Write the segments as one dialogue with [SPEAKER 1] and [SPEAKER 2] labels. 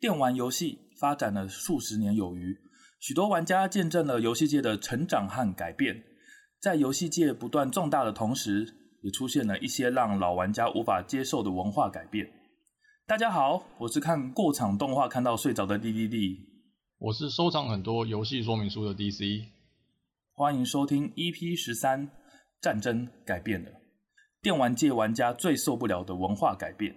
[SPEAKER 1] 電玩遊戲發展了數十年有餘，許多玩家見證了遊戲界的成長和改變。在遊戲界不斷壯大的同時，也出現了一些讓老玩家無法接受的文化改變。大家好，我是看過場動畫看到睡着的 DDD，我是收藏很多遊戲說明書的 DC。歡迎收聽 EP13《戰爭改變了，電玩界玩家最受不了的文化改變》。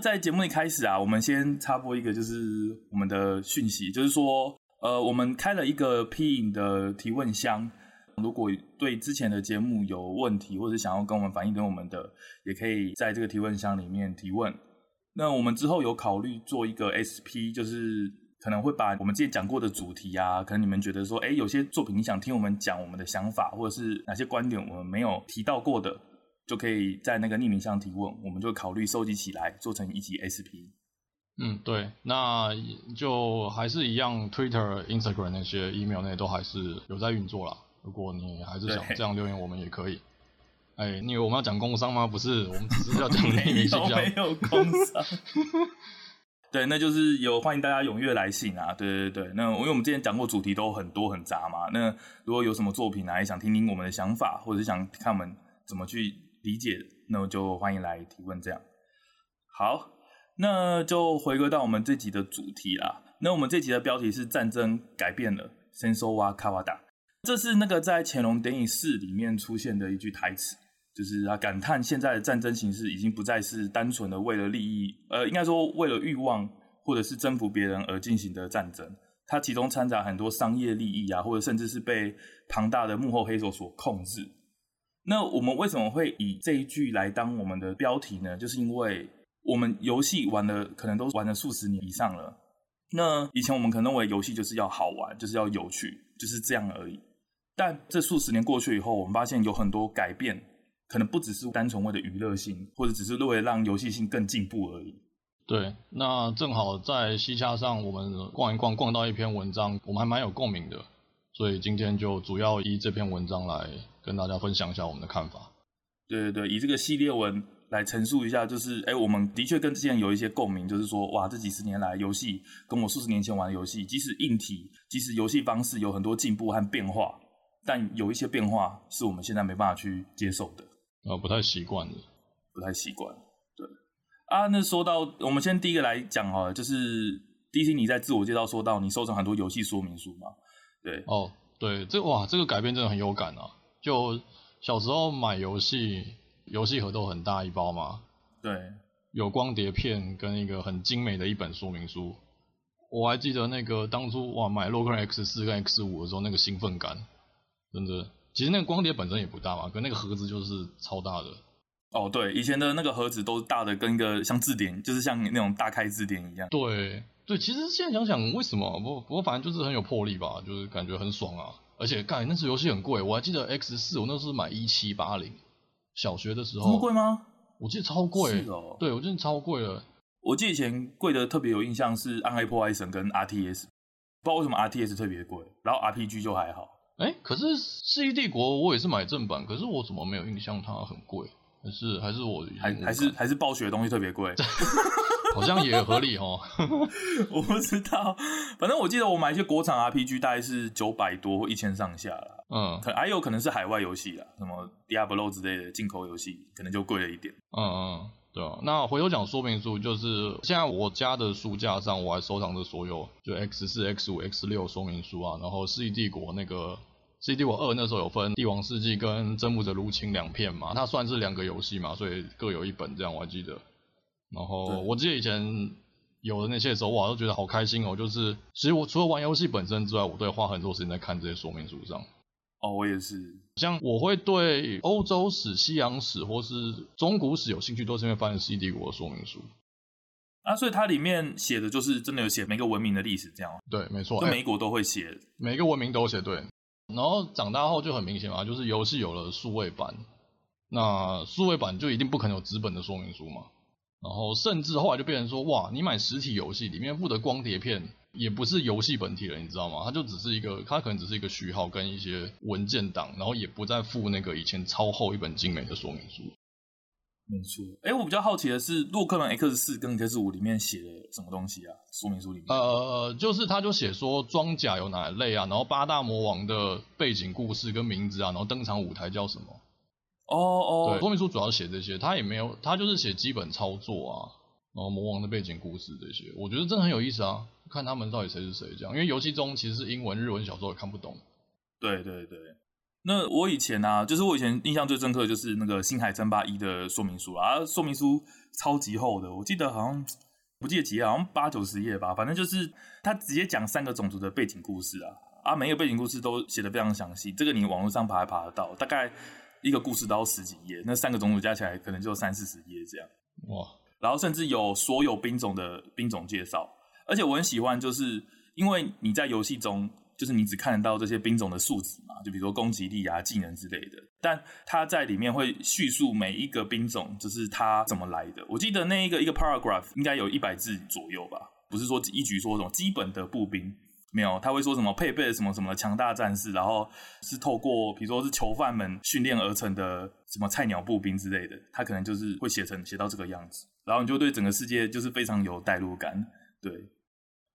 [SPEAKER 1] 在節目一開始啊，我們先插播一個就是我們的訊息，就是說，呃，我們開了一個 Peing 的提問箱，如果對之前的節目有問題，或者想要跟我們反映給我們的，也可以在這個提問箱裡面提問。那我們之後有考慮做一個 SP，就是可能會把我們之前講過的主題啊，可能你們覺得說，哎、欸，有些作品你想聽我們講我們的想法，或者是哪些觀點我們沒有提到過的。就可以在那個匿名箱提問，我們就考慮收集起來做成一集 SP。
[SPEAKER 2] 嗯，對，那就還是一樣，Twitter、Instagram 那些、email 那都還是有在運作啦。如果你還是想這樣留言，我們也可以。哎對、
[SPEAKER 1] 欸，你以為我們要講工商嗎？不是，我們只是要講匿名箱 沒。沒有工商。 對，那就是有歡迎大家踴躍來信啊！對對對，那因為我們之前講過，主題都很多很雜嘛。那如果有什麼作品啊，想聽聽我們的想法，或者是想看我們怎麼去。理解，那我就歡迎來提問。這樣好，那就回歸到我們這集的主題啦。那我們這集的標題是“戰爭改變了 ”，Senso wa Kawada，這是那個在《潛龍諜影4》裡面出現的一句台詞，就是他感嘆現在的戰爭形式已經不再是單純的為了利益，呃，應該說為了慾望或者是征服別人而進行的戰爭，它其中摻雜很多商業利益啊，或者甚至是被龐大的幕後黑手所控制。那我們為什麼會以這一句來當我們的標題呢？就是因為我們遊戲玩了，可能都玩了數十年以上了。那以前我們可能認為遊戲就是要好玩，就是要有趣，就是這樣而已。但這數十年過去以後，我們發現有很多改變，可能不只是單純為了娛樂性，或者只是為了讓遊戲性更進步而已。
[SPEAKER 2] 對，那正好在西洽上，我們逛一逛，逛到一篇文章，我們還蠻有共鳴的。所以今天就主要以這篇文章來跟大家分享一下我們的看法。
[SPEAKER 1] 對對對，以這個系列文來陳述一下，就是誒，我們的確跟之前有一些共鳴，就是說哇，這幾十年來遊戲跟我數十年前玩的遊戲，即使硬體，即使遊戲方式有很多進步和變化，但有一些變化是我們現在沒辦法去接受的。
[SPEAKER 2] 呃，不太習慣了，不太
[SPEAKER 1] 習慣。對，啊，那說到我們先第一個來講好了，就是 DC 你在自我介紹說到你收藏很多遊戲說明書嘛？
[SPEAKER 2] 對哦，對這哇，這個改變真的很有感啊！就小時候買遊戲，遊戲盒都很大一包嘛。對，有光碟片跟一個很精美的一本說明書。我還記得那個當初哇，買洛克人 X 四跟 X 五的時候，那個興奮感，真的。其實那個光碟本身也不大嘛，可那個盒子就是
[SPEAKER 1] 超大的。哦，對，以前的那個盒子都大得跟一個像字典，就是像那種大開字典一樣。
[SPEAKER 2] 對。對，其實現在想想，為什麼？我我反正就是很有魄力吧，就是感覺很爽啊。而且，幹，那時遊戲很貴，我還記得 X 四，我那時候買一七八零，
[SPEAKER 1] 小學的時候。這麼貴
[SPEAKER 2] 嗎？我記得超貴。是哦，對我記得超貴了。
[SPEAKER 1] 我記得以前貴的特別有印象是《暗黑破壞神》跟 RTS，不知道為什麼 RTS 特別貴，然後 RPG 就還好。哎，可是《世紀帝國》我也是買正版，可是我怎麼沒有印象它很貴？還是還是我還還是還是暴雪的東西特別貴。 好像也合理齁， 我不知道，反正我記得我買一些國產 RPG 大概是九百多或一千上下啦。嗯，可，還有可能是海外遊戲啦，什麼 Diablo 之類的進口遊戲，可能就貴了一點。嗯
[SPEAKER 2] 嗯，對啊，那回頭講說明書，就是現在我家的書架上我還收藏着所有就 X 四、X 五、X 六說明書啊，然後《世紀帝國》那個《世紀帝國二》，那時候有分《帝王世紀》跟《征服者入侵》兩片嘛，那算是兩個遊戲嘛，所以各有一本這樣，我還記得。然後對我記得以前有的那些時候，哇，都覺得好開心哦！就是其實我除了玩遊戲本身之外，我都會花很多時間在看這些說明書上。哦，我也是。像我會對歐洲史、西洋史或是中古史有興趣，都是因為翻了世紀帝國的說明書。
[SPEAKER 1] 啊，所以它裡面寫的就是真的有寫每個文明的歷史，這樣。對，沒錯，每一國都會寫，
[SPEAKER 2] 哎、每個文明都寫，對。然後長大後就很明顯啊，就是遊戲有了數位版，那數位版就一定不可能有紙本的說明書嘛。然後甚至後來就變成說，哇，你買實體遊戲裡面附的光碟片也不是遊戲本體了，你知道嗎？它就只是一個，它可能只是一個序號跟一些文件檔，然後也不再附那個以前超厚一本精美的說明書。
[SPEAKER 1] 沒錯、嗯，哎，我比較好奇的是洛克人 X 四跟 X 五裡面寫的什麼東西啊？說明書裡面？
[SPEAKER 2] 呃，就是他就寫說裝甲有哪一類啊，然後八大魔王的背景故事跟名字啊，然後登場舞台叫什麼？哦哦、oh, oh.，說明書主要寫這些，他也沒有，他就是寫基本操作啊，然後魔王的背景故事這些，我覺得真的很有意思啊，看他們到底誰是誰這樣，因為遊戲中其實是英文、日文小說也看
[SPEAKER 1] 不懂。對對對，那我以前啊，就是我以前印象最深刻的就是那個星海爭霸一的說明書啊，啊，說明書超級厚的，我記得好像不記得幾頁，好像八九十頁吧，反正就是他直接講三個種族的背景故事啊，啊，每個背景故事都寫得非常詳細，這個你網絡上爬也爬得到，大概。一個故事都要十幾頁，那三個種族加起來可能就三四十頁這樣。哇，然後甚至有所有兵種的兵種介紹，而且我很喜歡，就是因為你在遊戲中就是你只看得到這些兵種的數值嘛，就比如說攻擊力啊、技能之類的，但它在裡面會敘述每一個兵種就是它怎麼來的。我記得那一個一個 paragraph 應該有一百字左右吧，不是說一局說什麼基本的步兵。沒有，他會說什麼配備什麼什麼強大戰士，然後是透過，比如說是囚犯們訓練而成的什麼菜鳥步兵之類的，他可能就是會寫成寫到這個樣子，然後你就對整個世界就是非常有代入感。對，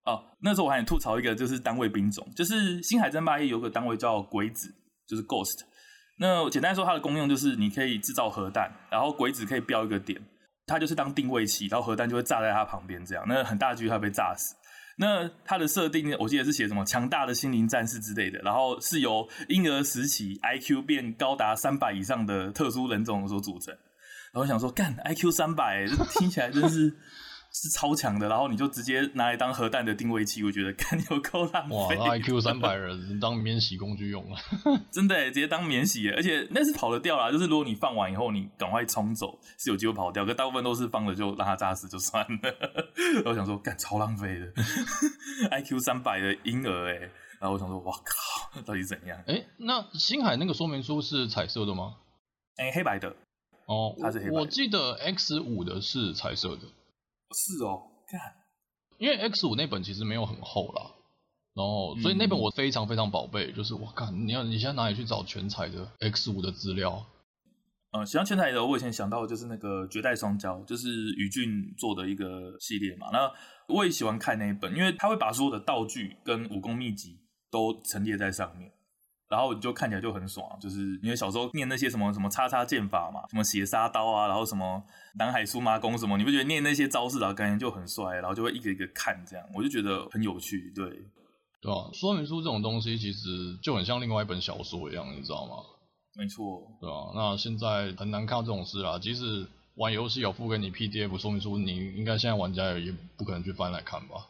[SPEAKER 1] 哦，那時候我還很吐槽一個，就是單位兵種，就是《星海爭霸一》有個單位叫鬼子，就是 Ghost。那簡單說，它的功用就是你可以制造核彈，然後鬼子可以標一個點，它就是當定位器，然後核彈就會炸在它旁邊，這樣那很大幾率它被炸死。那它的設定呢，我記得是寫什麼強大的心靈戰士之類的，然後是由嬰兒時期 IQ 變高達三百以上的特殊人種所組成。然後我想說幹 IQ 三百，這聽起來真是。 是超強的，然後你就直接拿來當核彈的定位器，我覺得幹有夠浪費。哇，IQ 三百人當
[SPEAKER 2] 免洗工具用了，
[SPEAKER 1] 真的耶直接當免洗，而且那是跑得掉啦，就是如果你放完以後，你趕快衝走，是有機會跑掉，可大部分都是放了就讓它炸死就算了。 然後我想說，幹超浪費的 ，IQ 三百的嬰兒哎，然後我想說，哇，靠，到底怎樣？哎、欸，那星海那個說明書是彩色的嗎？哎、欸，黑白的
[SPEAKER 2] 哦，它是黑白的我，我記得 X 五的是彩色的。是哦，看，因為 X 五那本其實沒有很厚啦，然後、嗯、所以那本我非常非常寶貝，就是我看你要你現在哪裡去找全彩的 X 五的資料？
[SPEAKER 1] 嗯，喜歡全彩的，我以前想到就是那個絕代雙驕，就是宇峻做的一個系列嘛。那我也喜歡看那一本，因為他會把所有的道具跟武功祕籍都陳列在上面。然後你就看起來就很爽，就是因為小時候念那些什麼什麼叉叉劍法嘛，什麼斜殺刀啊，然後什麼南海蘇麻弓什麼，你不覺得念那些招式的感覺就很帥？然後就會一個一個看這樣，我就覺得很有趣。對，
[SPEAKER 2] 對啊，說明書這種東西其實就很像另外一本小說一樣，你知道嗎？沒錯，對啊，那現在很難看到這種事啦，即使玩遊戲有附給你 PDF 說明書，你應該現在玩家也不可能去翻來看吧？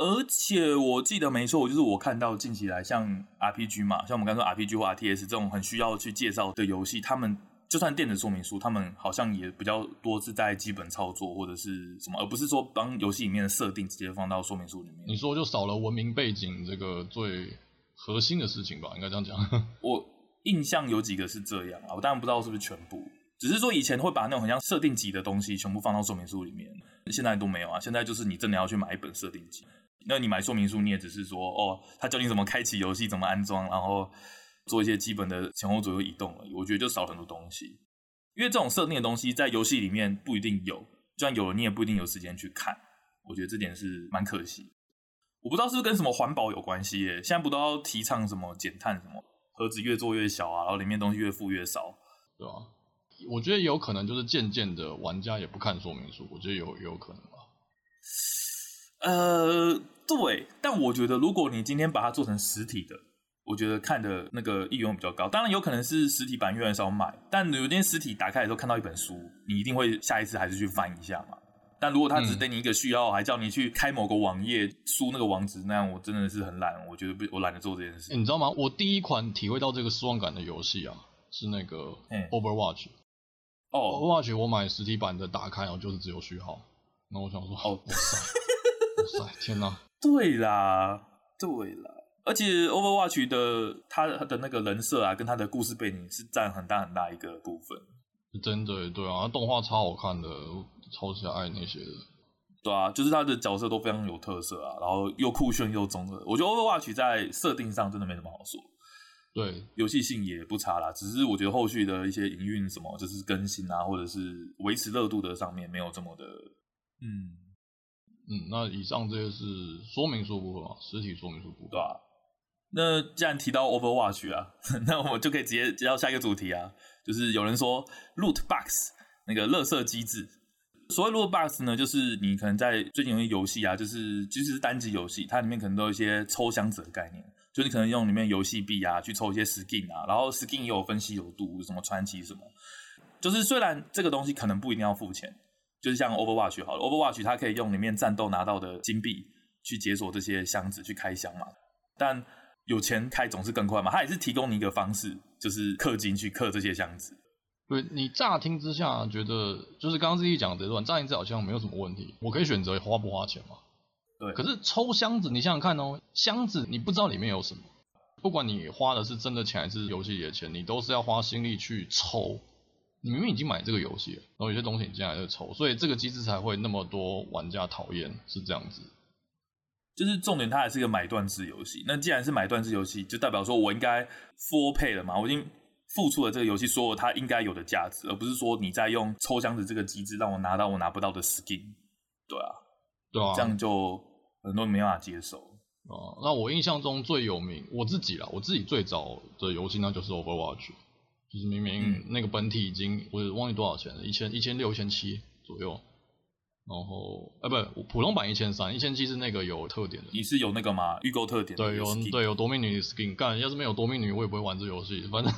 [SPEAKER 1] 而且我記得沒錯，就是我看到近期來像 RPG 嘛，像我們剛說 RPG 或 RTS 這種很需要去介紹的遊戲，他們就算電子說明書，他們好像也比較多是在基本操作或者是什麼，而不是說當遊戲裡面的設定直接放到說明書裡面。你說就少了文明背景這個最核心的事情吧，應該這樣講。 我印象有幾個是這樣啊，我當然不知道是不是全部，只是說以前會把那種很像設定集的東西全部放到說明書裡面，現在都沒有啊。現在就是你真的要去買一本設定集。那你買說明書，你也只是說哦，他教你怎麼開啟遊戲，怎麼安裝，然後做一些基本的前後左右移動了，我覺得就少很多東西，因為這種設定的東西在遊戲裡面不一定有，就算有了，你也不一定有時間去看。我覺得這點是蠻可惜。我不知道是不是跟什麼環保有關係欸，現在不都要提倡什麼減碳什麼，盒子越做越小啊，然後裡面的東西越付越少，對
[SPEAKER 2] 吧？啊，我覺得有可能就是漸漸的玩家也不看說明書，我覺得有有可能吧。
[SPEAKER 1] 呃，對，但我覺得如果你今天把它做成實體的，我覺得看的那個意願比較高。當然，有可能是實體版越來越少買，但有一天實體打開的時候看到一本書，你一定會下一次還是去翻一下嘛。但如果它只給你一個序號，嗯、還叫你去開某個網頁輸那個網址，那樣我真的是很懶，我覺得不，我懶得做這件事、欸。
[SPEAKER 2] 你知道嗎？我第一款體會到這個失望感的遊戲啊，是那個 over《Overwatch、嗯》。哦，《Overwatch》我買實體版的，打開哦就是只有序號，那我想說，哦，我
[SPEAKER 1] 天哪、啊！ 對啦，對啦，而且 Overwatch 的他的那個人設啊，跟他的故事背景是占很大很大一個部分。真的對啊，動畫超好看的，超級愛那些的。對啊，就是他的角色都非常有特色啊，然後又酷炫又中二。我覺得 Overwatch 在設定上真的沒什麼好說，對，遊戲性也不差啦，只是我覺得後續的一些營運什麼，就是更新啊，或者是維持熱度的上面，沒有這麼的，
[SPEAKER 2] 嗯。嗯，那以上這些是說明書部分啊，實體說明書部分，對啊，
[SPEAKER 1] 那既然提到 Overwatch 啊，那我們就可以直接接到下一個主題啊，就是有人說 Loot Box 那個垃圾機制。所謂 Loot Box 呢，就是你可能在最近有些遊戲啊，就是即使是單機遊戲，它裡面可能都有一些抽箱子的概念，就是你可能用裡面遊戲幣啊去抽一些 Skin 啊，然後 Skin 也有分稀有度，什麼傳奇什麼，就是雖然這個東西可能不一定要付錢。就是像 Overwatch 好了，Overwatch 它可以用裡面戰鬥拿到的金幣去解鎖這些箱子去開箱嘛，但有錢開總是更快嘛，它也是提供你一個方式，就是氪金去氪這些箱子。對，你
[SPEAKER 2] 乍聽之下覺得，就是剛剛自己講的這段，乍聽之下好像沒有什麼問題，我可以選擇花不花錢嘛。對。可是抽箱子，你想想看哦，箱子你不知道裡面有什麼，不管你花的是真的錢還是遊戲裡的錢，你都是要花心力去抽。你明明已經買這個遊戲了，然後有些東西你竟然還在抽，所以這個機制，才會那麼多玩家討厭，
[SPEAKER 1] 是這樣子。就是重點，它還是一個買斷制遊戲。那既然是買斷制遊戲，就代表說我應該 full pay 了嘛，我已經付出了這個遊戲所有它應該有的價值，而不是說你在用抽箱子這個機制讓我拿到我拿不到的 skin。對啊，
[SPEAKER 2] 對啊，這樣
[SPEAKER 1] 就很多人沒辦法接受。哦、
[SPEAKER 2] 嗯，那我印象中最有名，我自己啦，我自己最早的遊戲那就是 Overwatch。就是明明那個本體已經、嗯、我也忘記多少錢了，一千一千六一千七左右，然後啊，欸、不我普通版一千三，一千七是那個有特典的。你是有那個嗎？預購特典的對？對有對有奪命女 skin。幹，要是沒有奪命女，我也不會玩這遊戲。反正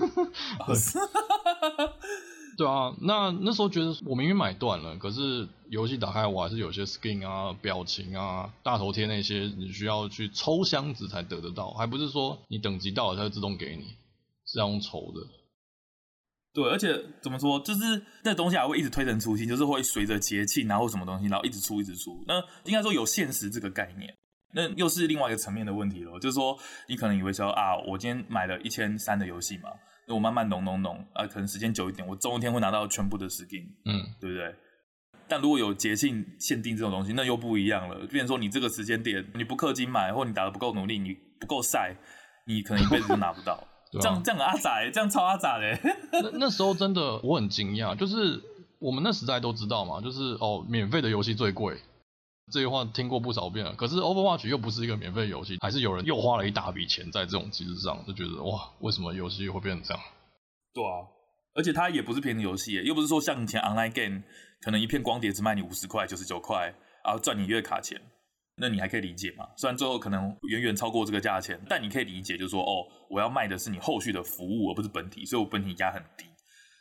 [SPEAKER 2] 對啊，那那時候覺得我明明買斷了，可是遊戲打開我還是有些 skin 啊、表情啊、大頭貼那些，你需要去抽箱子才得得到，還不是說你等
[SPEAKER 1] 級到了它就自動給你，是要用抽的。對，而且怎麼說，就是那東西還會一直推陳出新，就是會隨着節慶啊或什麼東西，然後一直出一直出。那應該說有限時這個概念，那又是另外一個層面的問題了。就是說，你可能以為說啊，我今天買了一千三的遊戲嘛，那我慢慢弄弄弄，啊，可能時間久一點，我總一天會拿到全部的 skin，嗯，對不對？但如果有節慶限定這種東西，那又不一樣了。變成說，你這個時間點你不氪金買，或你打得不夠努力，你不夠曬，你可能一輩子都拿不到。 啊、這樣這樣阿仔，欸，這樣超阿仔嘞，欸！ 那那時候真的我很驚
[SPEAKER 2] 訝，就是我們那時代都知道嘛，就是哦，免費的遊戲最貴，這句話聽過不少遍了。可是 Overwatch 又不是一個免費遊戲，還是有人又花了一大筆錢在這種機制上，就覺得，哇，為什麼遊戲會變成這
[SPEAKER 1] 樣？對啊，而且它也不是便宜遊戲，欸，又不是說像以前 Online Game 可能一片光碟只賣你五十塊、九十九塊，然後賺你月卡錢。那你還可以理解嘛？雖然最後可能遠遠超過這個價錢，但你可以理解，就是說，哦，我要賣的是你後續的服務，而不是本體，所以我本體價很低。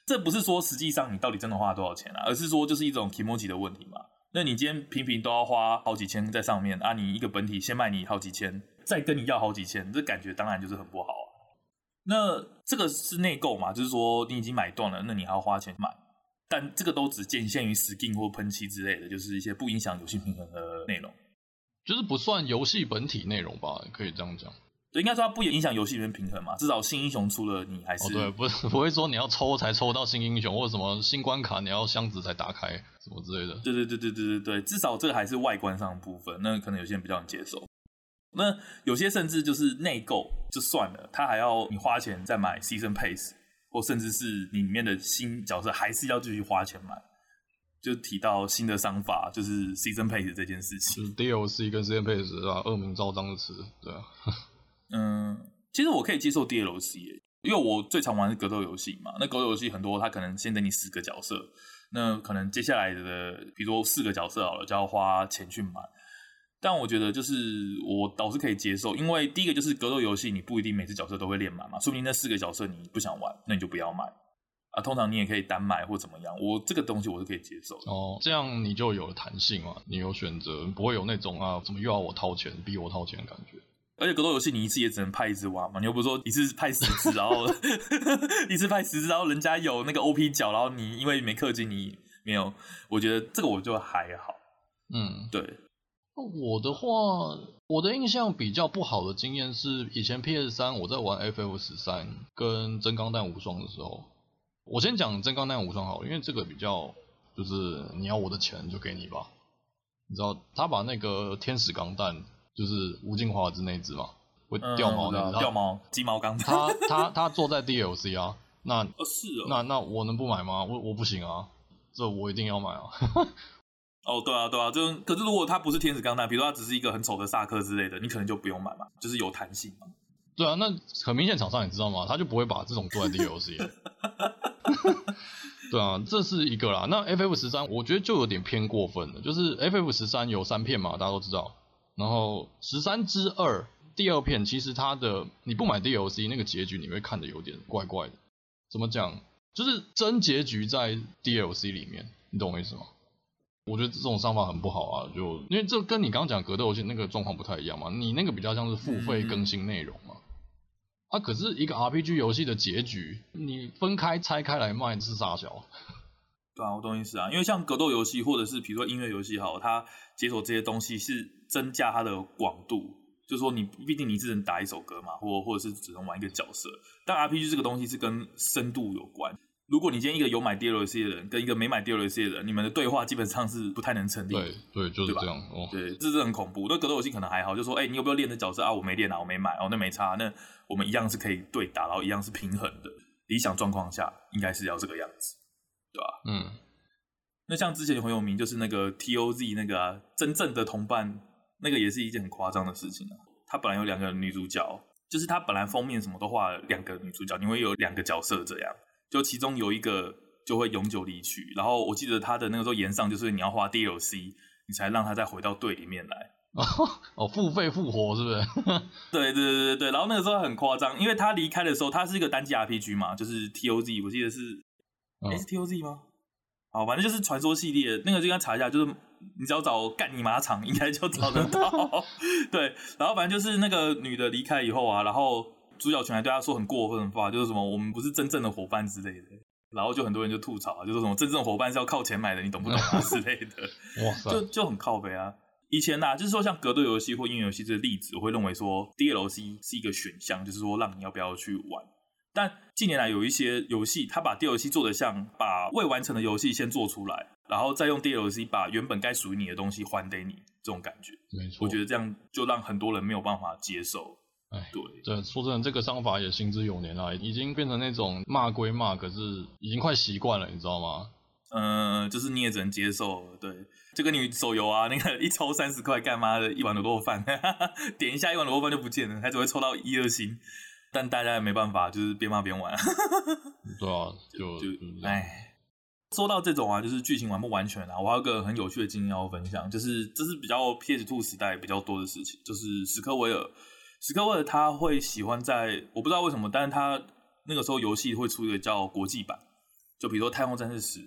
[SPEAKER 1] 這不是說實際上你到底真的花了多少錢啊，而是說就是一種気持ち的問題嘛。那你今天平平都要花好幾千在上面啊，你一個本體先賣你好幾千，再跟你要好幾千，這感覺當然就是很不好啊。那這個是內購嘛？就是說你已經買斷了，那你還要花錢買？但這個都只僅限於 skin 或噴漆之類的，就是一些不影響遊戲平衡的內容。就是不算遊戲本體內容吧，可以這樣講。對，應該說它不影響遊戲裡面平衡嘛，至少新英雄出了你，你還是、哦。對，不
[SPEAKER 2] 不會說你要抽才抽到新英雄，或者什麼
[SPEAKER 1] 新關卡你要箱子才打開什麼之類的。對對對對對對對，至少這個還是外觀上的部分，那可能有些人比較能接受。那有些甚至就是內購就算了，他還要你花錢再買 season p a c e 或甚至是你裡面的新角色還是要繼續花錢買。就提到新的商法，就是 season pass 這件事情。DLC 跟 season pass 啊，惡名昭彰的詞，對啊。 嗯，其實我可以接受 DLC，欸、因為我最常玩的是格鬥遊戲嘛。那格鬥遊戲很多，他可能先給你四個角色，那可能接下來的，比如說四個角色好了，就要花錢去買。但我覺得就是我倒是可以接受，因為第一個就是格鬥遊戲，你不一定每次角色都會練滿嘛，說不定那四個角色你不想玩，那你就不要買。啊，通常你也可以單買或怎麼樣，我這個東西我是可以接受
[SPEAKER 2] 的。哦，這樣你就有了彈性嘛，你有選擇，不會有那種啊，怎麼又要我掏錢、逼我掏錢的感覺。
[SPEAKER 1] 而且格鬥遊戲你一次也只能派一隻玩嘛，你又不是說一次派十隻，然後 一次派十隻，然後人家有那個 OP 角，然後你因為沒氪金你沒有，我覺得這個我就還好。嗯，對。
[SPEAKER 2] 那我的話，我的印象比較不好的經驗是，以前 PS 三我在玩 FF 十三跟真鋼彈無雙的時候。我先講真鋼彈無雙裝好，因為這個比較就是你要我的錢就給你吧。你知道他把那個天使鋼彈，就是吳敬華之那隻嘛，會掉毛的，嗯啊、他掉毛
[SPEAKER 1] 雞毛鋼彈。 他
[SPEAKER 2] 他他坐在 DLC 啊，那、哦、是啊、哦，那那我能不買嗎？我我不行啊，這我一定要買啊。
[SPEAKER 1] 哦 ，oh, 對啊對啊，就可是如果他不是天使鋼彈，比如說他只是一個很醜的薩克之類的，你可能就不用買嘛，就是有彈性嘛。
[SPEAKER 2] 對啊，那很明顯廠商你知道嗎？他就不會把這種坐在 DLC。 對啊，這是一個啦。那 F F 十三，我覺得就有點偏過分了。就是 F F 十三有三片嘛，大家都知道。然後十三之二，第二片其實它的你不買 D L C 那個結局，你會看得有點怪怪的。怎麼講？就是真結局在 D L C 裡面，你懂我意思嗎？我覺得這種商法很不好啊，就因為這跟你剛剛講格鬥遊戲那個狀況不太一樣嘛。你那個比較像是付費更新內容嘛。嗯嗯它、啊、可是一個 RPG 遊戲的結局，你分開拆開來賣是啥效
[SPEAKER 1] 果？對啊，我懂你意思啊，因為像格鬥遊戲或者是比如說音樂遊戲好，它解鎖這些東西是增加它的廣度，就是、說你畢竟你只能打一首歌嘛，或者或者是只能玩一個角色，但 RPG 這個東西是跟深度有關。如果你今天一個有買 DLC 的人跟一個沒買 DLC 的人，你們的對話基本上是不太能成立。對，對，就是這樣。對吧？哦，對，這是很恐怖。那格鬥遊戲可能還好，就說，哎、欸，你有沒有練的角色啊？我沒練啊，我沒買哦，那沒差、啊，那我們一樣是可以對打，然後一樣是平衡的。理想狀況下，應該是要這個樣子，對吧？嗯。那像之前很有名，就是那個 TOZ 那個、啊、真正的同伴，那個也是一件很誇張的事情啊。他本來有兩個女主角，就是他本來封面什麼都畫了兩個女主角，你會有兩個角色這樣。就其中有一個就會永久離去，然後我記得他的那個時候言上就是你要花 DLC 你才讓他再回到隊裡面來。哦哦，付費復活是不是？對對對對，然後那個時候很誇張，因為他離開的時候他是一個單機 RPG 嘛，就是 T O Z，我記得是 S,、哦 欸、T O Z 嗎？好，反正就是傳說系列，那個就應該查一下，就是你只要找幹你媽場應該就找得到。 對，然後反正就是那個女的離開以後啊，然後。主角群還對他說很過分的話，就是什麼“我們不是真正的夥伴”之類的，然後就很多人就吐槽、啊，就是什麼“真正夥伴是要靠錢買的，你懂不懂、啊”之類的， 哇塞，就就很靠北啊。以前吶、啊，就是說像格鬥遊戲或音樂遊戲這個例子，我會認為說 DLC 是一個選項，就是說讓你要不要去玩。但近年來有一些遊戲，他把 DLC 做的像把未完成的遊戲先做出來，然後再用 DLC 把原本該屬於你的東西還給你，這種感覺，沒錯，我覺得這樣就讓很多人沒有辦法接受。哎，
[SPEAKER 2] 對，對，說真的，這個商法也行之有年了，已經變成那種罵歸罵，可是已經快習慣了，你知道嗎？
[SPEAKER 1] 嗯、呃，就是你也只能接受，對，就跟你手遊啊，那個一抽三十塊，幹嘛的一碗滷肉飯， 點一下一碗滷肉飯就不見了，還只會抽到一二星，但大家也沒辦法，就是邊罵邊玩， 對啊，就就哎，唉說到這種啊，就是劇情完不完全啊，我還有一個很有趣的經驗要分享，就是這是比較 PS Two 時代比較多的事情，就是史克威爾。史克威爾他會喜歡在我不知道為什麼，但是他那個時候遊戲會出一個叫國際版，就比如說《太空戰士十》，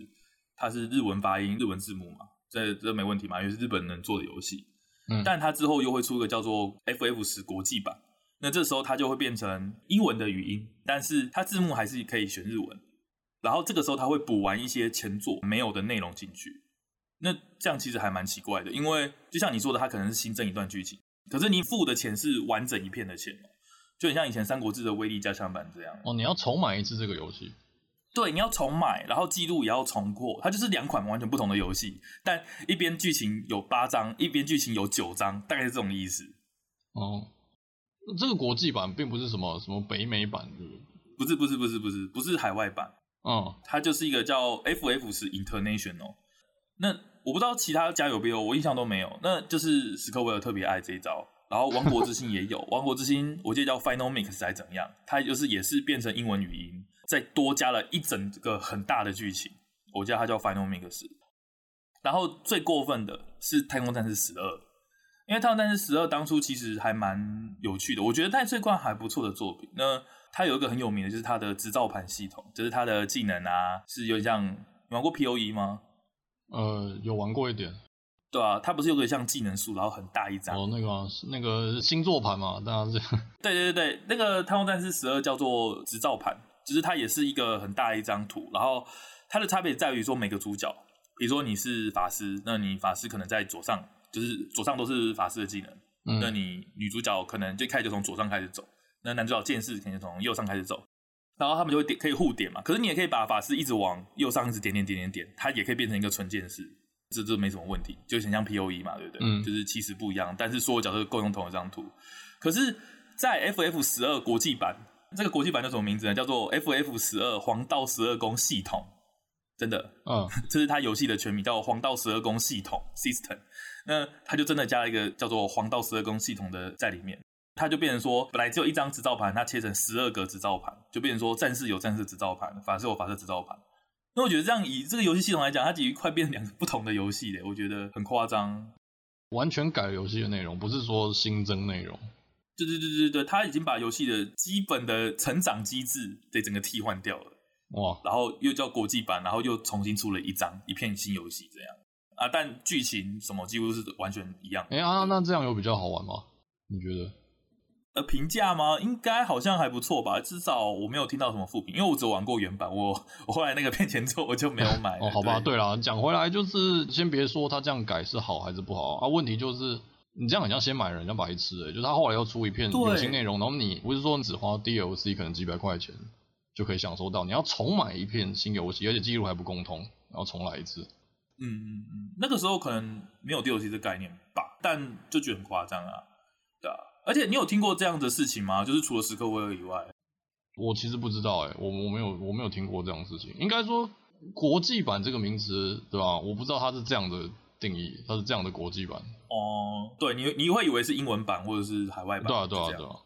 [SPEAKER 1] 它是日文發音，日文字幕嘛，這這沒問題嘛，因為是日本人做的遊戲。嗯，但他之後又會出一個叫做《FF 十國際版》，那這時候它就會變成英文的語音，但是它字幕還是可以選日文。然後這個時候他會補完一些前作沒有的內容進去，那這樣其實還蠻奇怪的，因為就像你說的，它可能是新增一段劇情。可是你付的錢是完整一片的錢，喔，就很像以前《三國志》的威力加強版這樣
[SPEAKER 2] 哦。你要重買一次這個遊戲？
[SPEAKER 1] 對，你要重買，然後記錄也要重過。它就是兩款完全不同的遊戲，但一邊劇情有八章，一邊劇情有九章，大概是這種意思
[SPEAKER 2] 哦。這個國際版並不是什麼什麼
[SPEAKER 1] 北美版是不是？不是，不是，不是，不是海外版。哦，嗯，它就是一個叫 FF 10 International。那我不知道其他家有沒有，我印象都沒有。那就是史克威爾特別愛這一招，然後《王國之心》也有，《 王國之心》我記得叫 Final Mix 還怎樣，它就是也是變成英文語音，再多加了一整個很大的劇情。我記得它叫 Final Mix。然後最過分的是《太空戰士十二》，因為《太空戰士十二》當初其實還蠻有趣的，我覺得它最棒還不錯的作品。那它有一個很有名的就是它的執照盤系統，就是它的技能啊，是有點像你玩過 P O E 嗎？呃，有玩過一點，對啊，它不是有點像技能書，然後很大一張。哦，那個、啊、那
[SPEAKER 2] 個星座盤嘛，當然是。
[SPEAKER 1] 對對對，對那個《太空戰士十二》叫做執照盤，就是它也是一個很大一張圖，然後它的差別在於說每個主角，比如說你是法師，那你法師可能在左上，就是左上都是法師的技能，嗯、那你女主角可能最開始就從左上開始走，那男主角劍士可能就從右上開始走。然後他們就會點，可以互點嘛？可是你也可以把法師一直往右上一直點點點點點，它也可以變成一個純劍士，這這沒什麼問題，就很像 POE 嘛，對不對？嗯，就是其實不一樣，但是說角色共用同一張圖。可是，在 FF 十二國際版這個國際版叫什麼名字呢？叫做 FF 十二黃道十二宮系統，真的，嗯、哦，這是他遊戲的全名，叫黃道十二宮系統 system。那他就真的加了一個叫做黃道十二宮系統的在裡面。他就變成說，本來只有一張執照盤，他切成十二格執照盤，就變成說戰士有戰士執照盤，法師有法師執照盤。那我覺得這樣以這個遊戲系統來講，它幾乎快變成兩個不同的遊戲了，我覺得很誇張。完全
[SPEAKER 2] 改遊戲的內容，不是說新增內容。
[SPEAKER 1] 對對對對對，他已經把遊戲的基本的成長機制給整個替換掉了。哇！然後又叫國際版，然後又重新出了一張一片新遊戲，這樣啊？但劇情什麼幾乎都是完全一樣。哎、
[SPEAKER 2] 欸、啊，那這樣有比較好玩嗎？
[SPEAKER 1] 你覺得？呃，評價嗎？應該好像還不錯吧，至少我沒有聽到什麼負評，因為我只玩過原版。我,我後來那個騙錢之後，我就沒有買。 哦，好吧。
[SPEAKER 2] 對啦，講回來，就是吧先別說他這樣改是好還是不好啊，問題就是你這樣好像先買人家白痴哎、欸，就是他後來又出一片新內容，對然後你不是說你只花 DLC 可能幾百塊錢就可以享受到，你要重買一片新遊戲，而且記錄還不共通，
[SPEAKER 1] 然後重來一次。嗯嗯嗯，那個時候可能沒有 DLC 這個概念吧，但就覺得很誇張啊，對啊。而且你有聽過這樣的事情嗎？就是除了史克威爾以外，
[SPEAKER 2] 我其實不知道哎、欸，我我沒有我沒有聽過這樣的事情。應該說，國際版這個名詞，對吧？我不知道它是這樣的定義，它是這樣的國際版。
[SPEAKER 1] 哦、嗯，對，你你會以為是英文版或者是海外版。對啊，對啊，對啊。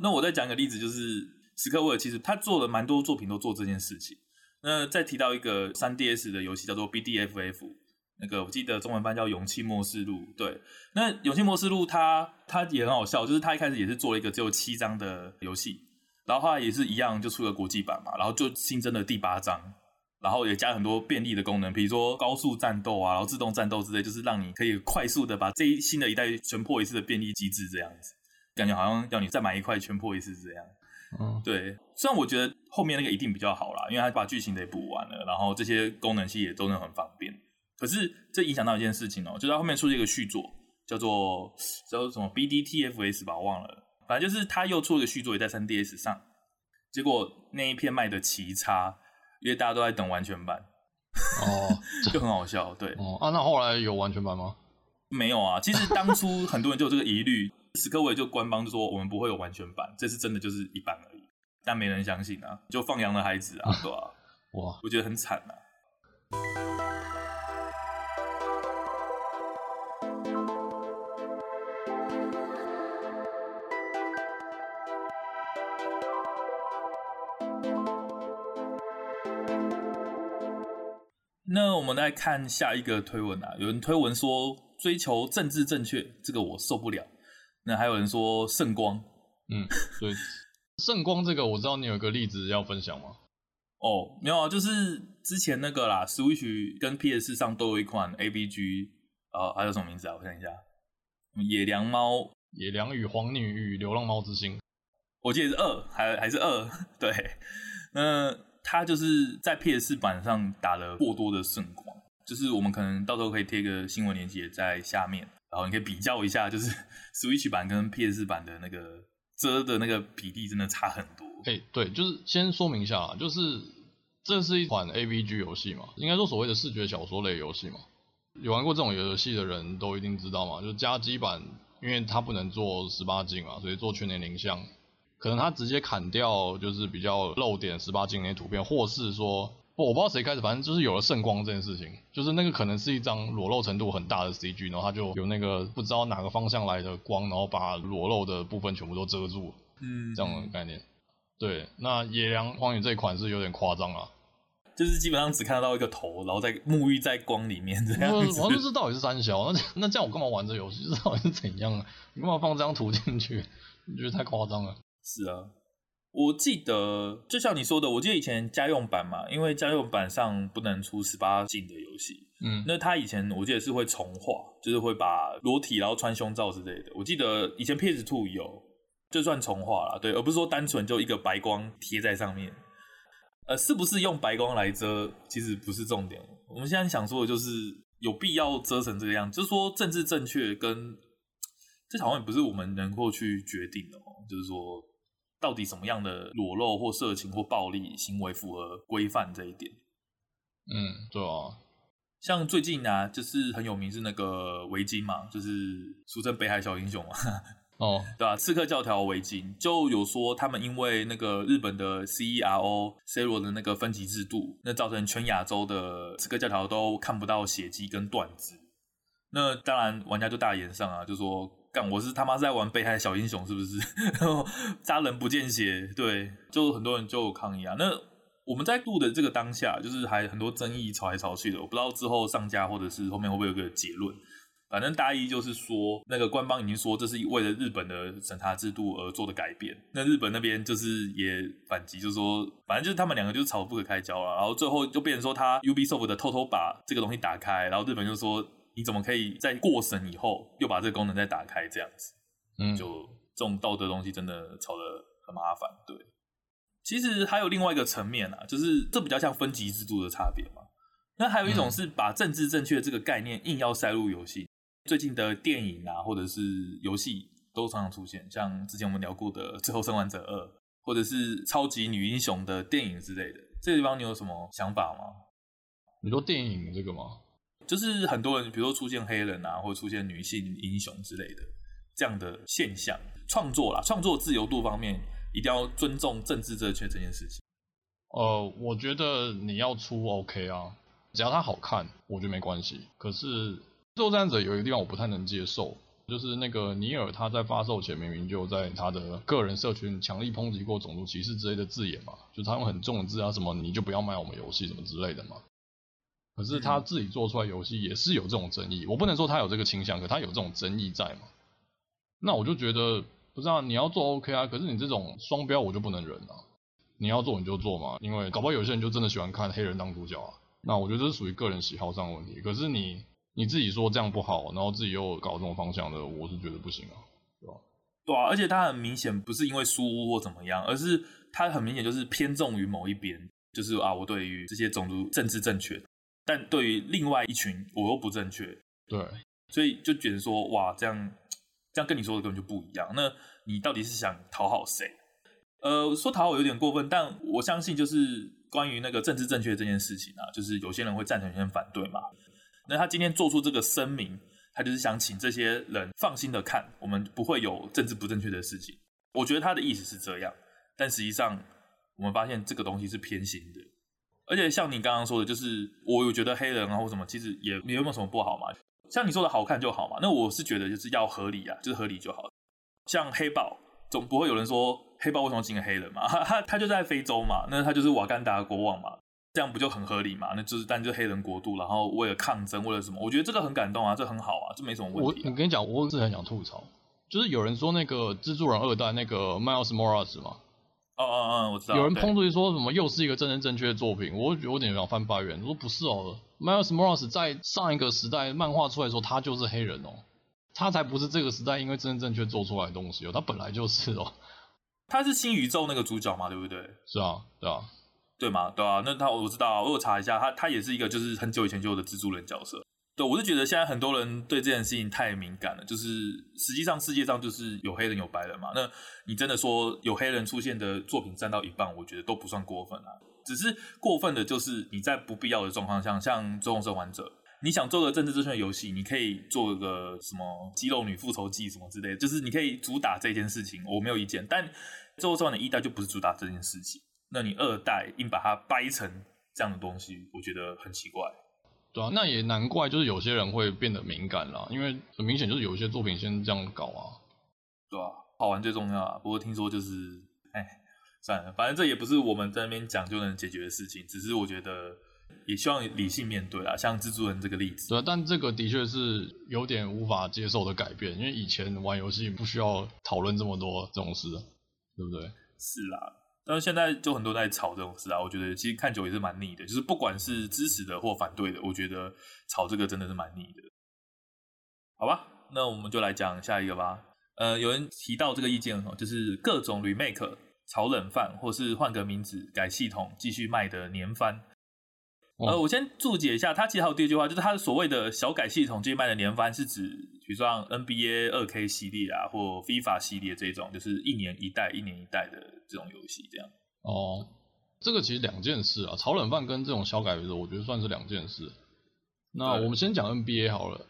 [SPEAKER 1] 那我再講一個例子，就是史克威爾其實他做了蠻多作品都做這件事情。那再提到一個 3DS 的遊戲叫做 BDFF。那個我記得中文版叫《勇氣默示錄》，對，那勇《勇氣默示錄》它它也很好笑，就是它一開始也是做了一個只有七章的遊戲，然後後來也是一樣就出了國際版嘛，然後就新增了第八章。然後也加了很多便利的功能，比如說高速戰鬥啊，然後自動戰鬥之類，就是讓你可以快速的把這一新的一代全破一次的便利機制這樣子，感覺好像要你再買一塊全破一次這樣，嗯、對，雖然我覺得後面那個一定比較好啦，因為它把劇情得補完了，然後這些功能性也都能很方便。可是這影響到一件事情哦、喔，就在後面出一個續作，叫做叫做什麼 BDTFS 吧，我忘了。反正就是他又出了一個續作，也在 3DS 上，結果那一片賣的奇差，因為大家都在等完全版。
[SPEAKER 2] 哦， 就很好笑，對。哦啊，那後來有完全版嗎？
[SPEAKER 1] 沒有啊。其實當初很多人就有這個疑慮，史克威就官方就說，我們不會有完全版，這是真的，就是一版而已。但沒人相信啊，就放羊的孩子啊，對吧、啊嗯？哇，我覺得很慘啊。我們來看下一個推文啊！有人推文說追求政治正確，這個我受不了。那還有人說聖光，嗯，對，聖光這個我知道，你有個例子要分享嗎？ 哦，沒有啊，就是之前那個啦，Switch 跟 PS 上都有一款 ABG、啊、還有什麼名字啊？我想一下，野良貓、野良與皇女與流浪貓之星，我記得是二，還還是二，對，它就是在 PS 版上打了過多的聖光，就是我們可能到時候可以貼個新聞鏈接在下面，然後你可以比較一下，就是 Switch 版跟 PS 版的那個遮的那個比例真的差很多。哎，對，就是先說明一下啊，就是這是一款 AVG 遊戲
[SPEAKER 2] 嘛，應該說所謂的視覺小說類遊戲嘛，有玩過這種遊戲的人都一定知道嘛，就是家機版，因為它不能做十八禁嘛，所以做全年齡向。可能他直接砍掉，就是比較露點十八禁那些圖片，或是說，我我不知道誰開始，反正就是有了聖光這件事情，就是那個可能是一張裸露程度很大的 CG，然後它就有那個不知道哪個方向來的光，然後把裸露的部分全部都遮住，嗯，這樣的概念。對，那野良荒野這一款是有點誇張啊，
[SPEAKER 1] 就是基本上只看到一個頭，然後在沐浴在光裡面這樣子。我是到底是三小？
[SPEAKER 2] 那那這樣我幹嘛玩這遊戲？這到底是怎樣啊？你幹嘛放這張圖進去？你覺得太誇張了。
[SPEAKER 1] 是啊，我記得就像你說的，我記得以前家用版嘛，因為家用版上不能出十八禁的遊戲，嗯，那它以前我記得是會重畫，就是會把裸體然後穿胸罩之類的。我記得以前 PS2 有，就算重畫了，對，而不是說單純就一個白光貼在上面。呃，是不是用白光來遮，其實不是重點。我們現在想說的就是有必要遮成這個樣子，就是說政治正確跟這好像也不是我們能夠去決定的哦，就是說。到底什麼樣的裸露或色情或暴力行為符合規範這一點？嗯，對啊，像最近啊，就是很有名是那個維京嘛，就是俗稱北海小英雄、啊、哦， 對啊，刺客教條維京就有說他們因為那個日本的 CERO CERO 的那個分級制度，那造成全亞洲的刺客教條都看不到血跡跟斷肢。那當然玩家就大言上啊，就說。幹，我是他媽在玩被害小英雄，是不是？殺 人不見血，對，就很多人就抗議啊。那我們在錄的這個當下，就是還很多爭議，吵來吵去的。我不知道之後上架或者是後面會不會有個結論。反正大意就是說，那個官方已經說這是為了日本的審查制度而做的改變。那日本那邊就是也反擊，就是說反正就是他們兩個就是吵不可開交了。然後最後就變成說他 Ubisoft 的偷偷把這個東西打開，然後日本就說，你怎麼可以在過審以後又把這個功能再打開這樣子？嗯，就這種道德東西真的吵得很麻煩。對，其實還有另外一個層面啊，就是這比較像分級制度的差別嘛。那還有一種是把政治正確這個概念硬要塞入遊戲，嗯，最近的電影啊，或者是遊戲都常常出現。像之前我們聊過的《最後生還者二》，或者是超級女英雄的電影之類的，這個地方你有什麼想法嗎？
[SPEAKER 2] 你說電影這個嗎？
[SPEAKER 1] 就是很多人，比如說出現黑人啊，或出現女性英雄之類的這樣的現象，創作啦，創作自由度方面，一定要尊重政治正確這件事情。
[SPEAKER 2] 呃，我覺得你要出 OK 啊，只要它好看，我覺得沒關係。可是《作戰者》有一個地方我不太能接受，就是那個尼爾他在發售前明明就在他的個人社群強力抨擊過種族歧視之類的字眼嘛，就他用很重的字啊，什麼你就不要買我們遊戲什麼之類的嘛。可是他自己做出來遊戲也是有這種爭議，嗯、我不能說他有這個傾向，可他有這種爭議在嘛？那我就覺得，不知道、啊、你要做 OK 啊，可是你這種雙標我就不能忍了、啊。你要做你就做嘛，因為搞不好有些人就真的喜歡看黑人當主角啊。那我覺得這是屬於個人喜好上的問題，可是你你自己說這樣不好，然後自己又搞這種方向的，我是覺得不行啊，
[SPEAKER 1] 對吧？對啊，而且他很明顯不是因為輸或怎麼樣，而是他很明顯就是偏重於某一邊，就是啊，我對於這些種族政治正確。但對於另外一群我又不正確，
[SPEAKER 2] 對，
[SPEAKER 1] 所以就覺得說，哇，這樣這樣跟你說的根本就不一樣。那你到底是想討好誰？呃，說討好有點過分，但我相信就是關於那個政治正確這件事情啊，就是有些人會贊成，有些人反對嘛。那他今天做出這個聲明，他就是想請這些人放心的看，我們不會有政治不正確的事情。我覺得他的意思是這樣，但實際上我們發現這個東西是偏心的。而且像你剛剛說的，就是我有覺得黑人啊或什麼，其實也沒有什麼不好嘛。像你說的好看就好嘛。那我是覺得就是要合理啊，就是合理就好。像黑豹，總不會有人說黑豹為什麼請黑人嘛？他他就在非洲嘛，那他就是瓦干達的國王嘛，這樣不就很合理嘛？那就是但就是黑人國度，然後為了抗爭，為了什麼？我覺得這個很感動啊，這很好啊，這沒什麼問題、
[SPEAKER 2] 啊我你你。我跟你講，我真的很想吐槽，就是有人說那個蜘蛛人二代那個邁爾斯·莫爾斯嘛。嗯嗯嗯，oh, uh, uh, 我知道。有人噴出去說什麼又是一個政治正確的作品，對我有點想翻白眼。我說不是哦，Miles Morales 在上一個時代漫畫出來的時候，他就是黑人哦，他才不是這個時代因為政治正確做出來的東西哦，他本來就是哦。
[SPEAKER 1] 他是新宇宙那個主角嘛，對不對？是啊，對啊，對嘛，對啊。那他我知道啊，我有查一下，他他也是一個就是很久以前就有的蜘蛛人角色。對，我是覺得現在很多人對這件事情太敏感了，就是實際上世界上就是有黑人有白人嘛。那你真的說有黑人出現的作品佔到一半，我覺得都不算過分啦，啊。只是過分的就是你在不必要的狀況下，像《最後生還者》，你想做個政治正確的遊戲，你可以做個什麼肌肉女復仇記什麼之類的，就是你可以主打這件事情，我沒有意見。但《最後生還者》一代就不是主打這件事情，那你二代硬把它掰成這樣的東西，我覺得很奇怪。
[SPEAKER 2] 對啊，那也難怪，就是有些人會變得敏感啦，因為很明顯就是有一些作品先這樣搞啊。
[SPEAKER 1] 對啊，好玩最重要啊。不過聽說就是，哎，算了，反正這也不是我們在那邊講就能解決的事情。只是我覺得，也希望理性面對啦。像蜘蛛人這個例子，對啊，但這個的確是有點無法接受的改
[SPEAKER 2] 變，因為以前玩遊戲不需要討論這麼多這種事啊，對不對？
[SPEAKER 1] 是啦。但是現在就很多在炒這種事啊，我覺得其實看久也是蠻膩的。就是不管是支持的或反對的，我覺得炒這個真的是蠻膩的。好吧，那我們就來講下一個吧。呃，有人提到這個意見哦，就是各種 remake、炒冷飯，或是換個名字、改系統繼續賣的年番。嗯、呃，我先注解一下，他其實還有第二句話，就是他的所謂的小改系統繼續賣的年番是指。比如像 NBA 2K 系列啊，或 FIFA 系列這種，就是一年一代、一年一代的這種遊戲，這樣。
[SPEAKER 2] 哦，這個其實兩件事啊，炒冷飯跟這種小改變的時候，我覺得算是兩件事。那我們先講 NBA 好了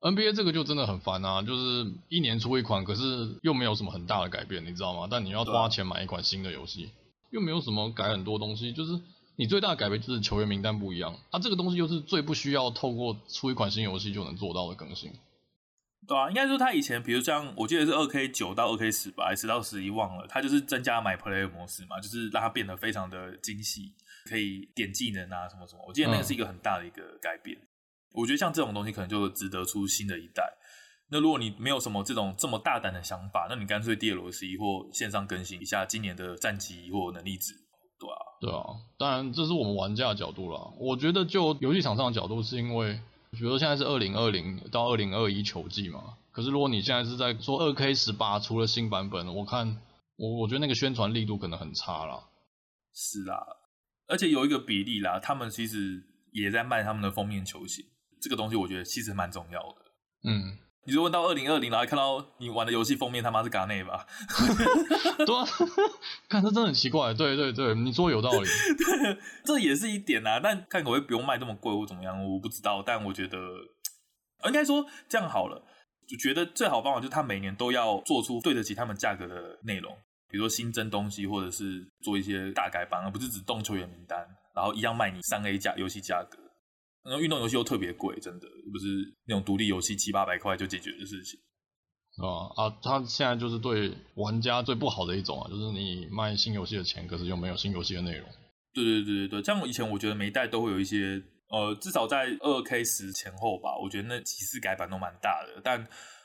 [SPEAKER 2] 對，NBA 這個就真的很煩啊，就是一年出一款，可是又沒有什麼很大的改變，你知道嗎？但你要花錢買一款新的遊戲，對又沒有什麼改很多東西，就是你最大的改變就是球員名單不一樣。它、啊、這個東西又是最不需要透過出一款新遊戲就能做到的更新。
[SPEAKER 1] 對啊，應該說他以前，比如像我記得是二 K 九到二 K 十吧，十到十一忘了，他就是增加 My Player 模式嘛，就是讓它變得非常的精細，可以點技能啊什麼什麼。我記得那個是一個很大的一個改變。嗯、我覺得像這種東西可能就值得出新的一代。那如果你沒有什麼這種這麼大膽的想法，那你乾脆 DLC 或線上更新一下今年的戰績或能力值。對啊，
[SPEAKER 2] 對啊，當然這是我們玩家的角度啦。我覺得就遊戲場上的角度，是因為。比如說現在是二零
[SPEAKER 1] 二零到
[SPEAKER 2] 二零二一球季嘛，可是如果你現在是在說二 K 十八出了新版本，我看我我覺得那個宣傳力度可能
[SPEAKER 1] 很差啦。是啦，而且有一個比例啦，他們其實也在賣他們的封面球星，這個東西我覺得其實蠻重要的。嗯。.你就問到二零二零然後看到你玩的遊戲封面他媽是嘎內吧？對，看這真的很奇怪。對對對，你說有道理， 這也是一點啊，但看口味不，不用賣這麼貴或怎麼樣，我不知道。但我覺得應該說這樣好了，就覺得最好方法就是他每年都要做出對得起他們價格的內容，比如說新增東西，或者是做一些大改版，而不是只動球員名單，然後一樣賣你三 A 價遊戲價格。然後運動遊戲又特別貴，真的不是那種獨立遊戲七八百塊就解決的事情。
[SPEAKER 2] 啊啊！它、啊、現在就是對玩家最不好的一種啊，就是你賣新遊戲的錢，可是又沒有新遊戲的內容。
[SPEAKER 1] 對對對對對，像我以前我覺得每一代都會有一些，呃，至少在 2K10 前後吧，我覺得那幾次改版都蠻大的。但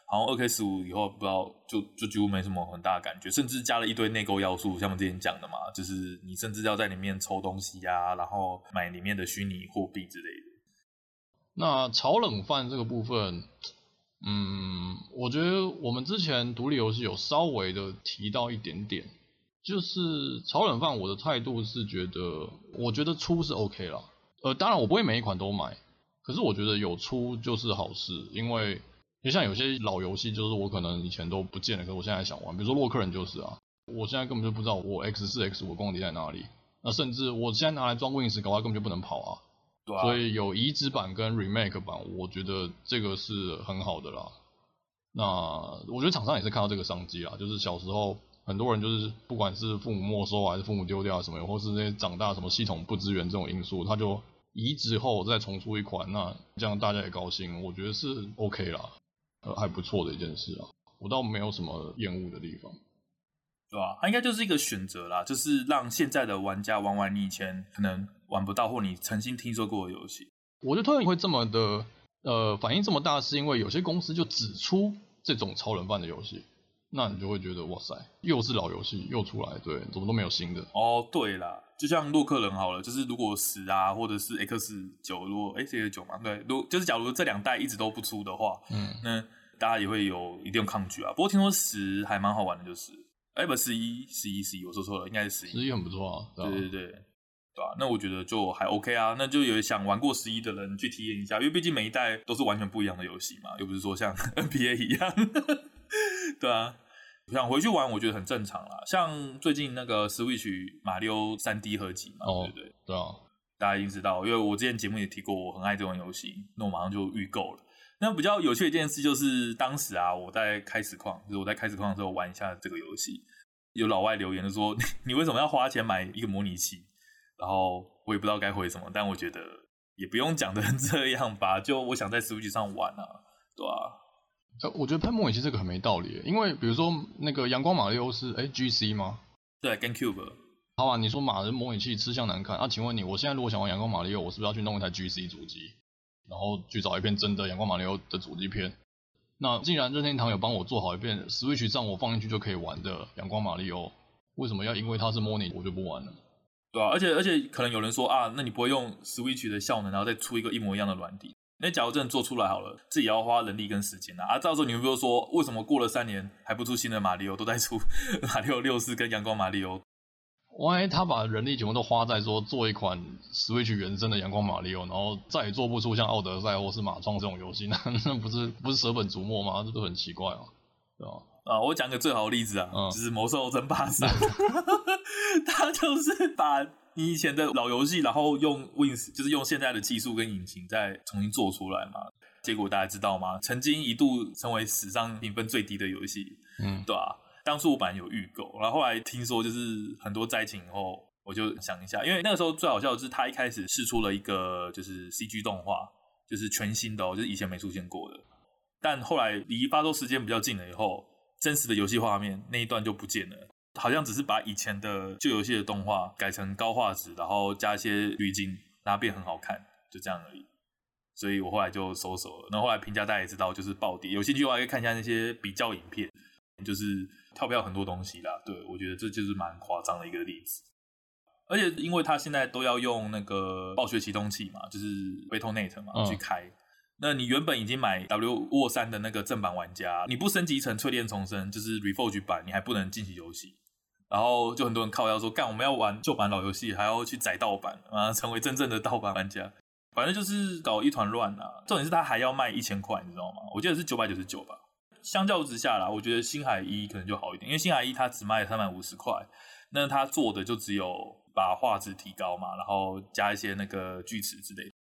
[SPEAKER 1] 好像 2K15 以後，不知道就就幾乎沒什麼很大的感覺，甚至加了一堆內購要素，像我之前講的嘛，就是你甚至要在裡面抽東西啊，然後買裡面的虛擬貨幣之類的。
[SPEAKER 2] 那炒冷飯這個部分，嗯，我覺得我們之前獨立遊戲有稍微的提到一點點，就是炒冷飯，我的態度是覺得，我覺得出是 OK 啦，呃，當然我不會每一款都買，可是我覺得有出就是好事，因為你像有些老遊戲，就是我可能以前都不見了，可是我現在還想玩，比如說洛克人就是啊，我現在根本就不知道我 X 四 X 五光碟在哪裡，那甚至我現在拿來裝 Win 十搞它根本就不能跑啊。對啊，所以有移植版跟 remake 版，我覺得這個是很好的啦。那我覺得廠商也是看到這個商機啦，就是小時候很多人就是不管是父母沒收還是父母丟掉什麼，或是那些長大的什麼系統不支援這種因素，他就移植後再重出一款，那這樣大家也高興，我覺得是 OK 啦。呃，還不錯的一件事啊，我倒沒有什麼厭惡的地方。
[SPEAKER 1] 對吧、啊？它應該就是一個選擇啦，就是讓現在的玩家玩玩你以前可能玩不到或你曾經聽說過的遊戲。
[SPEAKER 2] 我就突然會這麼的呃反應這麼大，是因為有些公司就只出這
[SPEAKER 1] 種超人版的遊戲，
[SPEAKER 2] 那你就會覺得哇塞，又是老遊戲又出來，對，怎麼都沒有
[SPEAKER 1] 新的。哦，對啦，就像洛克人好了，就是如果十啊，或者是 X 九，如果、欸、X 九嘛，對，如就是假如這兩代一直都不出的話，嗯，那大家也會有一定有抗拒啊。不過聽說十還蠻好玩的，就是。哎，欸、不是十一，十一，十一，我說錯了，應該是十一。十一很不錯，啊，對對對對吧、啊？那我覺得就還 OK 啊。那就有想玩過十一的人去體驗一下，因為畢竟每一代都是完全不一樣的遊戲嘛，又不是說像 NBA 一樣。 對啊，想回去玩我覺得很正常啦。像最近那個 Switch《馬里奧三 D》合集嘛，哦、對對對，對啊，大家一定知道，因為我之前節目也提過，我很愛這款遊戲，那我馬上就預購了。那比較有趣的一件事就是，當時啊，我在開實況，就是我在開實況的時候玩一下這個遊戲，有老外留言就說：“你為什麼要花錢買一個模擬器？”然後我也不知道該回什麼，但我覺得也不用講的這樣吧。就我想在實機上玩啊，對吧、
[SPEAKER 2] 啊？呃，我覺得噴模擬器這個很沒道理，因為比如說那個《陽光馬力歐》是哎、欸、GC 嗎？
[SPEAKER 1] 對，跟 Cube。
[SPEAKER 2] 好吧、啊，你說馬人模擬器吃相難看啊？請問你，我現在如果想玩《陽光馬力歐》，我是不是要去弄一台 GC 主機？然後去找一片真的陽光馬里歐的主機片。那既然任天堂有幫我做好一片 Switch 上，我放進去就可以玩的陽光馬里歐，為什麼要因為它是模擬我就不玩了。
[SPEAKER 1] 對啊，而且而且可能有人說啊，那你不會用 Switch 的效能，然後再出一個一模一樣的軟體？那假如真的做出來好了，自己也要花人力跟時間啊。啊，到時候你會不會說，為什麼過了三年還不出新的馬里歐，都在出馬里歐六四跟陽光馬里歐。
[SPEAKER 2] 萬一他把人力全部都花在說做一款 Switch 原生的《陽光馬里奧》，然後再也做不出像《奧德賽》或是《馬創》這種遊戲，那那不是不是捨本逐末嗎？這都很奇怪哦、啊。
[SPEAKER 1] 對啊，我講個最好的例子啊，嗯、就是《魔獸爭霸三，》 他就是把你以前的老遊戲，然後用 Wings 就是用現在的技術跟引擎再重新做出來嘛。結果大家知道嗎？曾經一度成為史上評分最低的遊戲，嗯，對吧、啊？當初我本來有預購，然後後來聽說就是很多災情以後，我就想一下，因為那個時候最好笑的是，他一開始試出了一個就是 C G 動畫，就是全新的、哦，就是以前沒出現過的。但後來離發售時間比較近了以後，真實的遊戲畫面那一段就不見了，好像只是把以前的舊遊戲的動畫改成高畫質，然後加一些濾鏡，讓它變很好看，就這樣而已。所以我後來就搜索了。然後後來評價大家也知道，就是暴跌。有興趣的話可以看一下那些比較影片，就是。跳票很多東西啦，對，我覺得這就是蠻誇張的一個例子。而且因為他現在都要用那個暴雪啟動器嘛，就是 Battle.net 嘛，嗯、去開。那你原本已經買 War3 的那個正版玩家，你不升級成淬煉重生，就是 Reforged 版，你還不能進行遊戲。然後就很多人靠要說，幹，我們要玩舊版老遊戲，還要去載盜版，啊，成為真正的盜版玩家，反正就是搞一團亂啦、啊，重點是他還要賣一千塊，你知道嗎？我記得是九百九十九吧。相較之下啦，我覺得星海一可能就好一點，因為星海一它只賣三百五十塊，那它做的就只有把畫質提高嘛，然後加一些那個鋸齒之類的，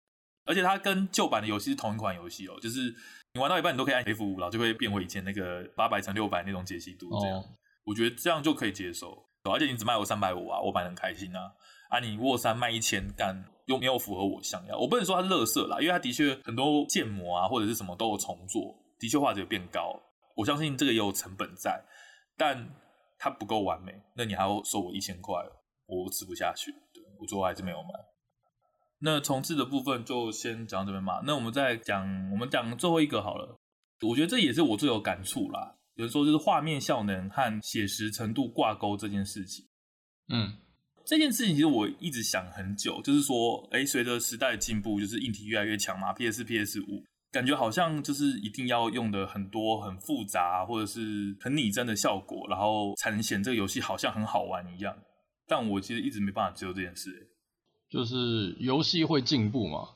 [SPEAKER 1] 而且它跟舊版的遊戲是同一款遊戲哦，就是你玩到一半你都可以按 F 五，然後就會變回以前那個八百乘六百那種解析度這樣，哦、我覺得這樣就可以接受，而且你只賣我三百五啊，我買很開心啊，啊你沃三賣一千，幹又沒有符合我想要，我不能說它樂色啦，因為它的確很多建模啊或者是什麼都有重做，的確畫質有變高。我相信這個也有成本在，但它不夠完美，那你還要收我一千塊，我吃不下去，對我最後還是沒有買。那重置的部分就先講到這邊嘛。那我們再講，我們講最後一個好了。我覺得這也是我最有感觸啦。有人說，就是畫面效能和寫實程度掛鈎這件事情。嗯，這件事情其實我一直想很久，就是說，哎，隨着時代的進步，就是硬體越來越強嘛，PS、PS 五。感覺好像就是一定要用的很多很複雜或者是很擬真的效果，然後才能顯這個遊戲好像很好玩一樣。但我其實一直沒辦法接受這件事欸，
[SPEAKER 2] 就是遊戲會進步嘛。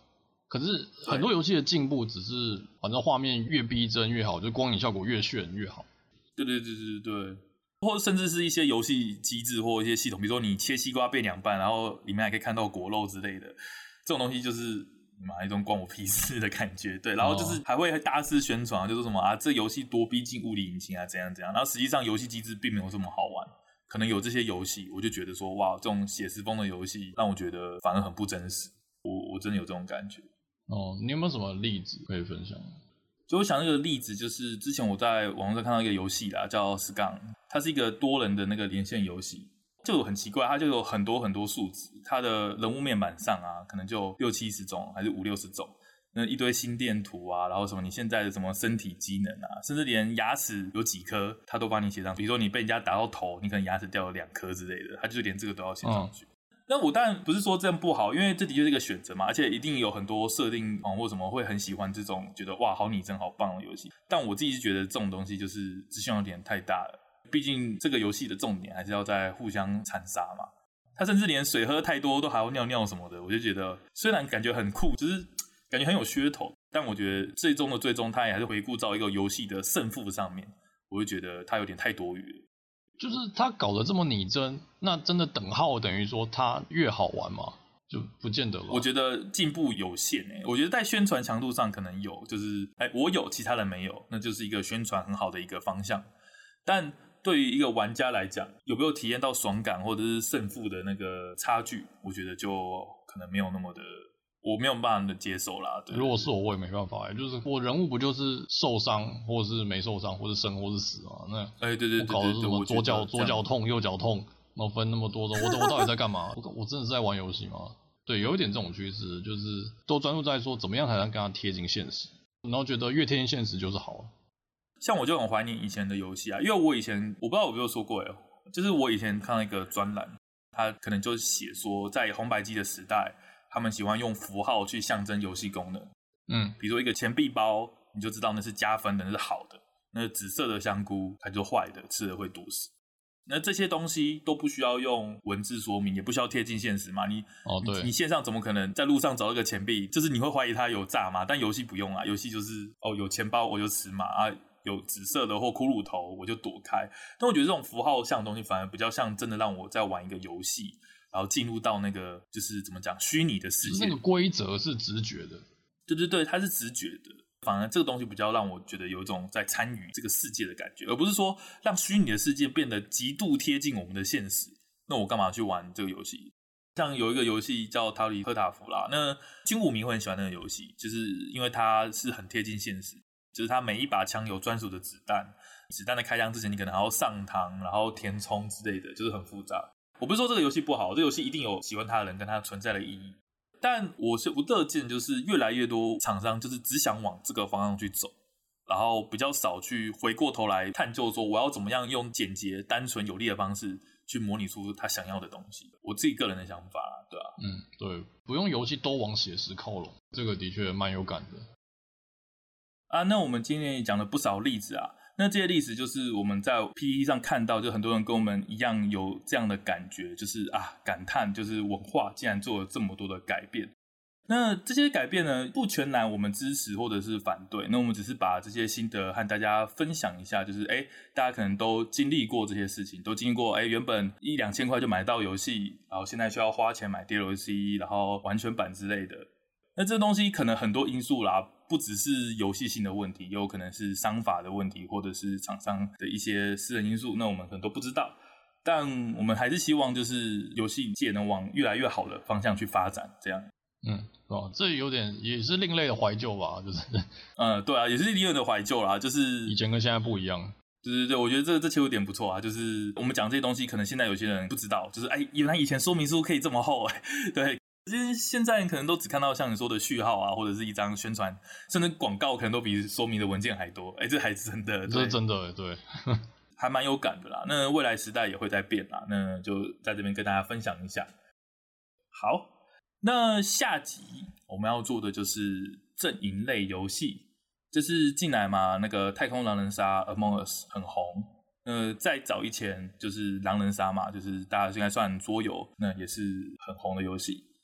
[SPEAKER 2] 可是很多遊戲的進步只是反正畫面越逼真越好，就光影效果越炫
[SPEAKER 1] 越好。對、對對對對對，或甚至是一些遊戲機制或一些系統，比如說你切西瓜變兩半，然後裡面還可以看到果肉之類的，這種東西就是。馬一種關我屁事的感覺，對，然後就是還會大肆宣傳、啊，就是什麼啊，這遊戲多逼真物理引擎啊，怎樣怎樣，然後實際上遊戲機制並沒有這麼好玩，可能有這些遊戲，我就覺得說，哇，這種寫實風的遊戲讓我覺得反而很不真實，我我真的有這種感覺。
[SPEAKER 2] 哦，你有沒有什麼例子可以分享？
[SPEAKER 1] 就我想一個例子，就是之前我在網絡上看到一個遊戲啦，叫 Scang，它是一個多人的那個連線遊戲。就很奇怪，它就有很多很多數字，它的人物面板上啊，可能就六七十種還是五六十種，那一堆心電圖啊，然後什麼你現在的什麼身體機能啊，甚至連牙齒有幾顆，它都幫你寫上。比如說你被人家打到頭，你可能牙齒掉了兩顆之類的，它就連這個都要寫上去。那、哦、我當然不是說這樣不好，因為這的確是一個選擇嘛，而且一定有很多設定、嗯、或什麼會很喜歡這種，覺得哇，好擬真，好棒的遊戲。但我自己是覺得這種東西就是指向性有點太大了。畢竟這個遊戲的重點還是要在互相殘殺嘛。他甚至連水喝太多都還要尿尿什麼的，我就覺得雖然感覺很酷，只、就是感覺很有噱頭，但我覺得最終的最終，他也還是回顧到一個遊戲的勝負上面。我就覺得他有點太多餘。就是他搞得這麼擬真，那真的等
[SPEAKER 2] 號等於說，他越好玩嗎？就不見得了。我
[SPEAKER 1] 覺得進步有限哎、欸。我覺得在宣傳強度上可能有，就是哎、欸，我有其他人沒有，那就是一個宣傳很好的一個方向，但。對於一個玩家來講，有沒有體驗到爽感或者是勝負的那個差距？我覺得就可能沒有那麼的，我沒有辦法的接受啦。對，如
[SPEAKER 2] 果是我，我也沒辦法，就是我人物不就是受傷，或者是沒受傷，或者生，或是死嗎？那哎、欸，對對對，對，對，對，搞得是什麼左腳左腳痛，右腳痛，然後分那麼多的，我我到底在幹嘛？ 我我真的是在玩遊戲嗎？對，有一點這種趨勢，就是都專注在說
[SPEAKER 1] 怎麼樣才能更加貼近現實，然後覺得越貼近現實就是好。像我就很懷念以前的遊戲啊，因為我以前我不知道我有沒有說過誒、欸，就是我以前看到一個專欄，他可能就寫說，在紅白機的時代，他們喜歡用符號去象徵遊戲功能，嗯，比如說一個錢幣包，你就知道那是加分的，那是好的。那個，紫色的香菇，它就壞的，吃了會毒死。那這些東西都不需要用文字說明，也不需要貼近現實嘛。你哦，對你，你線上怎麼可能在路上找到個錢幣？就是你會懷疑它有詐嘛？但遊戲不用啊，遊戲就是哦，有錢包我就吃嘛啊。有紫色的或骷髏頭，我就躲開。但我覺得這種符號像的東西，反而比較像真的讓我在玩一個遊戲，然後進入到那個就是怎麼講，虛擬的世界。那個規則是直覺的，對對對，它是直覺的。反而這個東西比較讓我覺得有一種在參與這個世界的感覺，而不是說讓虛擬的世界變得極度貼近我們的現實。那我幹嘛去玩這個遊戲？像有一個遊戲叫《逃離塔科夫》啦，那金武明會很喜歡那個遊戲，就是因為它是很貼近現實。就是他每一把槍有專屬的子彈，子彈的開槍之前你可能還要上膛，然後填充之類的，就是很複雜。我不是說這個遊戲不好，這個遊戲一定有喜歡它的人跟它存在的意義。但我是不樂見，就是越來越多廠商就是只想往這個方向去走，然後比較少去回過頭來探究說我要怎麼樣用簡潔、單純、有力的方式去模擬出他想要的東西。我自己個人的想法啦，對吧、啊？嗯，對，不用遊戲都往寫實靠攏，這個的確蠻有感的。啊，那我們今天也講了不少例子啊。那這些例子就是我們在 p E 上看到，就很多人跟我們一樣有這樣的感覺，就是啊，感嘆就是文化竟然做了這麼多的改變。那這些改變呢，不全然我們支持或者是反對，那我們只是把這些心得和大家分享一下，就是哎、欸，大家可能都經歷過這些事情，都經歷過哎、欸，原本一兩千塊就買到遊戲，然後現在需要花錢買 d l C，然後完全版之類的。那這東西可能很多因素啦。不只是遊戲性的問題，有可能是商法的問題，或者是廠商的一些私人因素，那我們可能都不知道。但我們還是希望，就是遊戲界能往越來越好的方向去發展，這樣。
[SPEAKER 2] 嗯，哦，這有點也是
[SPEAKER 1] 另類的懷舊吧，就是，呃、嗯，對啊，也是另類的懷舊啦，就是以前跟現在不一樣。對對對，我覺得這這其實有點不錯啊，就是我們講這些東西，可能現在有些人不知道，就是哎、欸，原來以前說明書可以這麼厚，欸，對。其實現在可能都只看到像你說的序號啊，或者是一張宣傳，甚至廣告，可能都比說明的文件還多。哎，這還真的，對這真的對， 還蠻有感的啦。那未來時代也會再變啦，那就在這邊跟大家分享一下。好，那下集我們要做的就是陣營類遊戲，就是近來嘛，那個太空狼人殺，Among Us 很紅。呃，再早以前就是狼人殺嘛，就是大家應該算桌遊，那也是很紅的遊戲。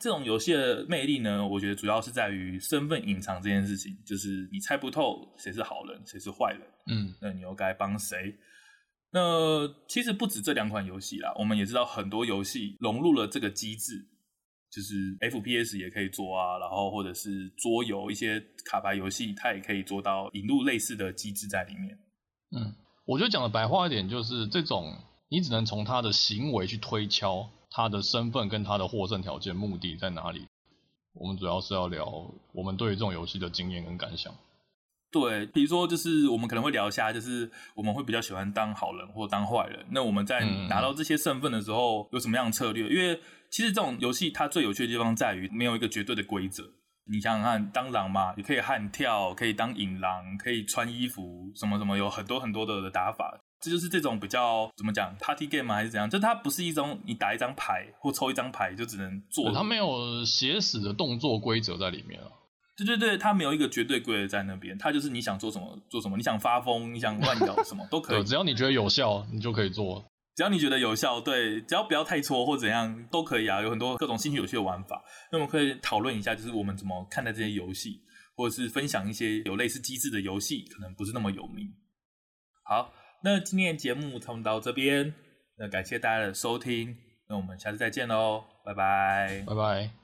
[SPEAKER 1] 這種遊戲的魅力呢，我覺得主要是在於身份隱藏這件事情，就是你猜不透誰是好人，誰是壞人，嗯，那你又該幫誰？那其實不止這兩款遊戲啦，我們也知道很多遊戲融入了這個機制，就是 FPS 也可以做啊，然後或者是桌遊、一些卡牌遊戲，它也可以做到引入類似的機制在裡面。
[SPEAKER 2] 嗯，我覺得講的白話一點，就是這種你只能從他的行為去推敲。他的身份跟他的獲勝條件、目的在哪裡？我們主要是要聊我們對於這種遊戲的經驗跟感想。
[SPEAKER 1] 對，比如說就是我們可能會聊一下，就是我們會比較喜歡當好人或當壞人。那我們在拿到這些身份的時候，有什麼樣的策略？嗯、因為其實這種遊戲它最有趣的地方在於沒有一個絕對的規則。你想想看，當狼嘛，你可以悍跳，可以當隱狼，可以穿衣服，什麼什麼，有很多很多的打法。這就是這種比較怎麼講 party game 嘛、啊、還是怎樣？就它不是一種你打一張牌或抽一張牌就只能做。它、嗯、沒有寫死的動作規則在裡面啊。對對對，它沒有一個絕對規則在那邊，它就是你想做什麼做什麼，你想發瘋，你想亂搞什麼 都可以對，只
[SPEAKER 2] 要你覺得有效，你就可以做。
[SPEAKER 1] 只要你覺得有效，對，只要不要太挫或怎樣都可以啊。有很多各種新奇有趣的玩法，那我們可以討論一下，就是我們怎麼看待這些遊戲，或者是分享一些有類似機制的遊戲，可能不是那麼有名。好。那今天節目通到這邊，那感謝大家的收聽，那我們下次再見嘍，拜拜，拜
[SPEAKER 2] 拜。